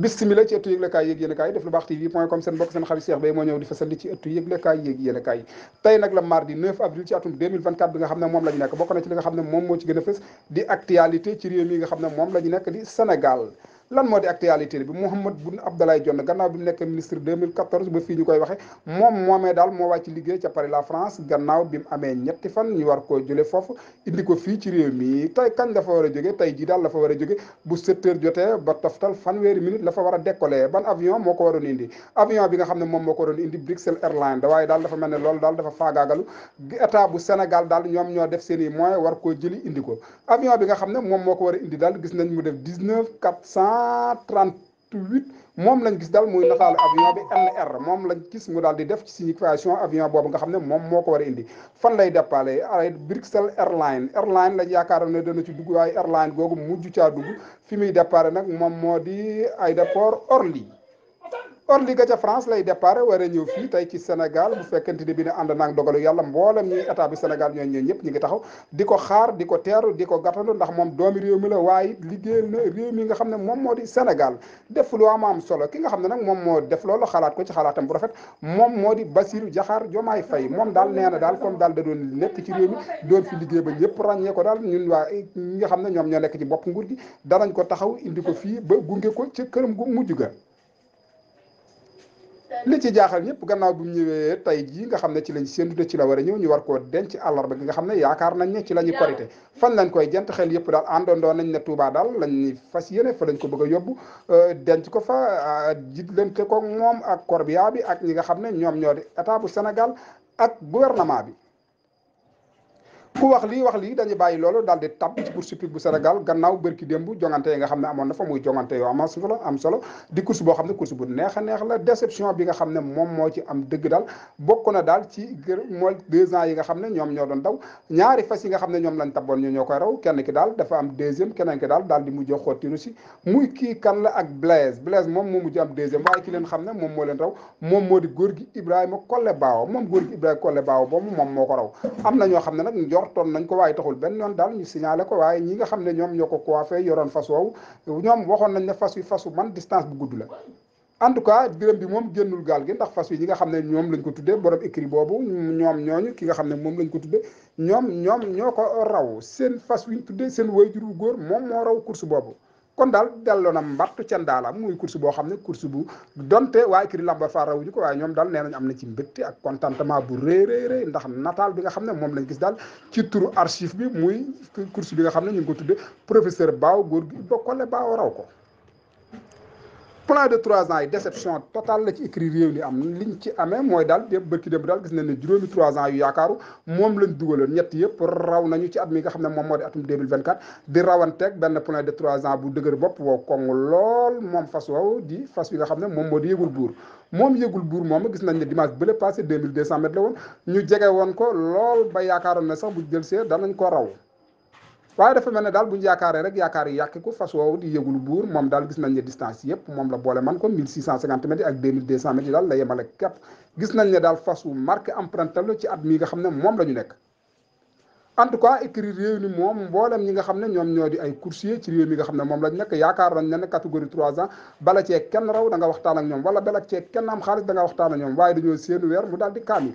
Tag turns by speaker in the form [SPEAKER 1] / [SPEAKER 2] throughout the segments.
[SPEAKER 1] bisimila ci ëttu yëglekaay yéeg yéen a kaay def lu baax tv point com seen bokk seen xarit Cheikh Bay moo ñëw di fasal li ci ëttu yëglekaay yéeg yéen a kaay tey nag la mardi avril ci atum 2024 bi nga xam ne moom la ñu nekk bokk li nga xam ne moom moo ci gën a fës di actualité ci réew mi nga xam ne moom la ñu nekk di Sénégal lan moo di actualité bi Mouhamed Boun Abdallah Dionne gannaaw bi mu nekk ministre 2014 ba fii ñu koy waxe moom ko fii ci réew mi tey a jóge tey jii daal la fa war a jóge bu 7 heures jotee ba toftal war a décoller ban avion moo ko waroon indi avion bi ne moom moo ko waroon indi Bruxelles Airlines da waaye daal dafa mel ne loolu daal dafa faagaagalu état bu Sénégal daal war ko avion bi nga xam ne moom moo ko war a indi daal gis nañ mu def 19 400 138 moom lañ gis daal muy nataal avion bi NR moom lañ gis mu daal di def ci signification avion boobu nga xam ne moom moo ko war a indi fan lay dépale ay Bruxelles airline airline lañ yaakaaroon ne dana ci dugg waaye airline googu mujj caa dugg fi muy dépare nag moom moo di aéroport Orly or li ga ca France lay départ war a ñëw fii tey ci Sénégal bu fekkente ni biin ne ànd naag dogalu yàlla mboolem ñi état bi Sénégal ñooñu ñooñu ñëpp ñu ngi taxaw di ko xaar di ko teeru di ko ndax moom doomi réew mi waaye liggéeyal na nga xam ne moom moo di Sénégal def lu am am solo ki nga xam ne nag moom moo def loolu xalaat ko ci xalaatam bu rafet moom moo di Bassirou Diakhar Diomaye Faye moom daal nee na daal comme daal da doon nekk ci réew mi doon fi liggéey ba ñëpp ràññee daal ñun waa ñi nga xam ne ñoom ñoo nekk ci bopp nguur gi danañ ko taxaw indi ko fii ba gunge ko ci këram gu mujj ga li ci jaaxal ñëpp gannaaw bu mu ñëwee tey jii nga xam ne ci lañ séntu te ci la war a ñëw ñu war koo denc àllarba gi nga xam ne yaakaar nañ ne ci la ñu korité lañ koy jant xel yëpp daal àndandoo nañ ne Touba daal lañ fas yéene fa lañ ko bëgg a euh, denc ko fa jit euh, jiitlante ko moom ak corbia bi ak ñi nga xam ne ñoom ñoo di état bu senegal ak gouvernement bi ku wax lii wax lii dañuy bàyyi loolu daal di tab ci course hippique bu Sénégal gannaaw bërki démb jongante yi nga xam ne amoon na fa muy jongante yoo am solo am di course boo xam ne course bu neex neex la déception bi nga xam ne moom moo ci am dëgg daal bokk na daal ci yi nga xam ne ñoom ñoo doon daw ñaari fas yi nga xam ne ñoom lañ taboon ñu ñoo koy raw kenn ki daal dafa am deuxième keneen ki daal daal di mujj xottinu si muy kii kan la ak Blaise Blaise moom moo mujj am deuxième waaye ki leen xam ne moom moo leen raw moom moo di góor gi Ibrahima Kolle Baaw moom góor gi Ibrahima Kolle Baaw moom moo ko raw am na ñoo xam ne njortoon nañ ko waaye taxul benn yoon daal ñu signalé ko waaye ñi nga xam ne ñoom ñoo ko coiffé yoroon fas woowu ñoom waxoon nañ ne fas wi fasu man distance bu gudd la en tout cas biram bi moom génnul gaal gi ndax fas yi ñi nga xam ne ñoom lañ ko tuddee borom écrit boobu ñoom ñooñu ki nga xam ne moom lañ ko tuddee ñoom ñoom ñoo ko raw seen fas wi ñu tuddee seen wayjur wu góor moom moo raw course boobu kon daal delloo na mbattu can daala muy course boo xam ne course bu donte waa écurie lamba fa rawuñu ko waaye ñoom daal nee nañu am na ci mbégte ak contentement bu rëy rëy rëy ndax nataal bi nga xam ne moom lañ gis daal ci turu archive bi muy course bi nga xam ne ñu ngi ko tudde professeur Baaw goor gi bokkole Baaw raw ko plan de trois ans yi déception totale la ci écrit réew li am liñ ci amee mooy daal yëpp bërki démb daal gis nañ ne juróomi trois ans yu yaakaaru moom lañ dugaloon ñett yëpp raw nañu ci at mi nga xam ne moom moo di atum 2024 di rawanteeg benn plan de trois ans bu dëgër bopp wow koŋ lool moom fas wow di fas yi nga xam ne moom moo di yëgul buur moom yëgul buur moom gis nañ ne dimanche bële passé 2200 mètres la woon ñu jege woon ko lool ba yaakaaroon ne sax bu jël see danañ ko raw waaye dafa mel ne daal bu ñu yaakaaree rek yaakaar yi yàq ko fas woowu di yëgul buur moom daal gis nañ ne distance yëpp moom la boole man ko 1650 mètres ak 2200 mètres yi daal la yemale képp gis nañ ne daal fas wu marqué emprunté la ci at mii nga xam ne moom la nekk en écrit réew ni moom mboolem ñi nga xam ne ñoom ñoo di ay coursier ci réew mi nga xam ne moom lañ nekk yaakaar nañ ne ne catégorie 3 ans bala cee kenn raw da nga waxtaan ak ñoom wala bala cee kenn am daal di kaamil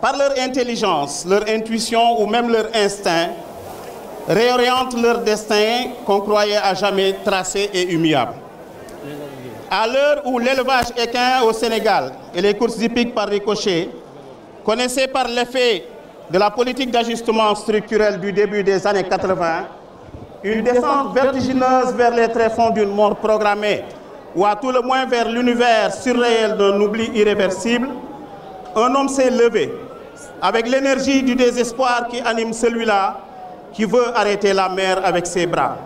[SPEAKER 2] par leur intelligence, leur intuition ou même leur instinct, réorientent leur destin qu'on croyait à jamais tracé et humiliable. À l'heure où l'élevage équin au Sénégal et les courses hippiques par ricochet, connaissaient par l'effet de la politique d'ajustement structurel du début des années 80, une descente vertigineuse vers les tréfonds d'une mort programmée, ou à tout le moins vers l'univers surréel d'un oubli irréversible, un homme s'est levé avec l'énergie du désespoir qui anime celui-là qui veut arrêter la mer avec ses bras.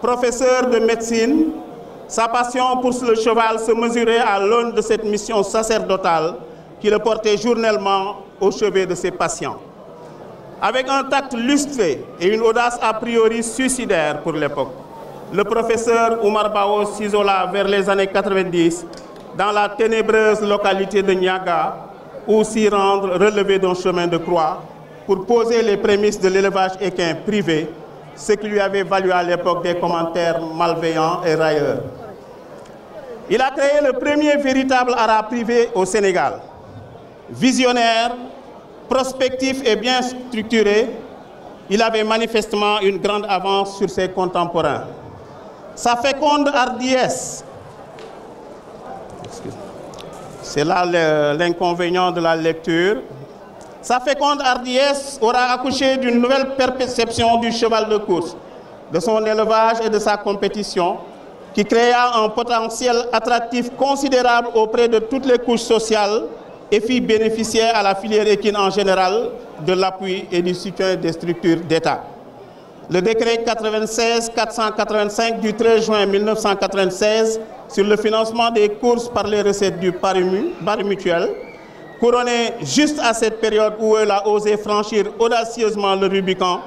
[SPEAKER 2] Professeur de médecine, sa passion pour le cheval se mesurait à l'aune de cette mission sacerdotale qui le portait journellement au chevet de ses patients. Avec un tact lustré et une audace a priori suicidaire pour l'époque, le professeur Omar Bao s'isola vers les années 90 dans la ténébreuse localité de Niaga ou s'y rendre relevé d'un chemin de croix pour poser les prémices de l'élevage équin privé, ce qui lui avait valu à l'époque des commentaires malveillants et railleurs. Il a créé le premier véritable arabe privé au Sénégal. Visionnaire, prospectif et bien structuré, il avait manifestement une grande avance sur ses contemporains. Sa féconde hardiesse C'est là l'inconvénient de la lecture. Sa féconde hardiesse aura accouché d'une nouvelle perception du cheval de course, de son élevage et de sa compétition, qui créa un potentiel attractif considérable auprès de toutes les couches sociales et fit bénéficier à la filière équine en général de l'appui et du soutien des structures d'État. Le décret 96-485 du 13 juin 1996 sur le financement des courses par les recettes du pari mutuel, couronné juste à cette période où elle a osé franchir audacieusement le Rubicon,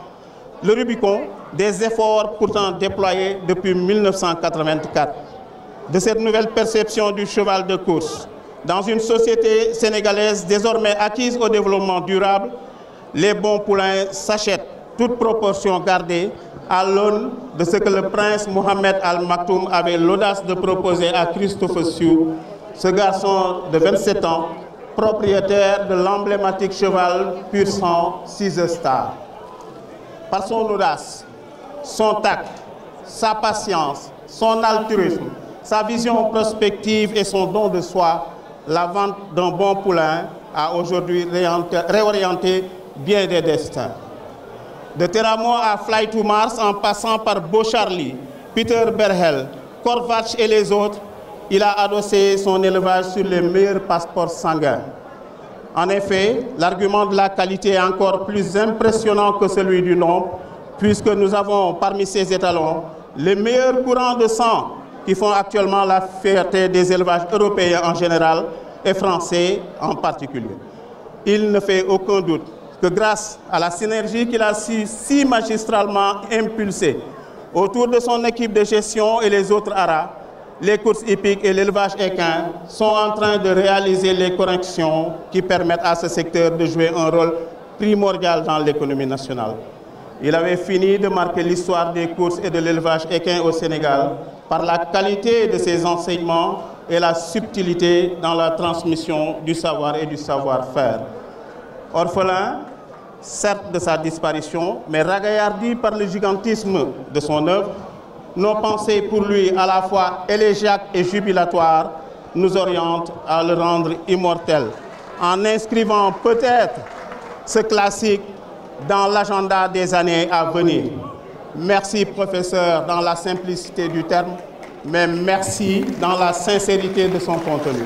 [SPEAKER 2] le Rubicon des efforts pourtant déployés depuis 1984. De cette nouvelle perception du cheval de course, dans une société sénégalaise désormais acquise au développement durable, les bons poulains s'achètent, toute proportion gardée, à l'aune de ce que le prince Mohamed Al Maktoum avait l'audace de proposer à Christophe Sioux, ce garçon de 27 ans, propriétaire de l'emblématique cheval pur sang Six Star. Par son audace, son tact, sa patience, son altruisme, sa vision prospective et son don de soi, la vente d'un bon poulain a aujourd'hui réorienté bien des destins de Teramo à Fly to Mars en passant par Beau Charlie, Peter Berhel, Corvatch et les autres, il a adossé son élevage sur les meilleurs passeports sanguins. En effet, l'argument de la qualité est encore plus impressionnant que celui du nombre, puisque nous avons parmi ces étalons les meilleurs courants de sang qui font actuellement la fierté des élevages européens en général et français en particulier. Il ne fait aucun doute que grâce à la synergie qu'il a si magistralement impulsée autour de son équipe de gestion et les autres haras, les courses hippiques et l'élevage équin sont en train de réaliser les corrections qui permettent à ce secteur de jouer un rôle primordial dans l'économie nationale. Il avait fini de marquer l'histoire des courses et de l'élevage équin au Sénégal par la qualité de ses enseignements et la subtilité dans la transmission du savoir et du savoir-faire orphelin, certes de sa disparition, mais ragaillardi par le gigantisme de son œuvre, nos pensées pour lui à la fois élégiaques et jubilatoires nous orientent à le rendre immortel, en inscrivant peut-être ce classique dans l'agenda des années à venir. Merci professeur dans la simplicité du terme, mais merci dans la sincérité de son contenu.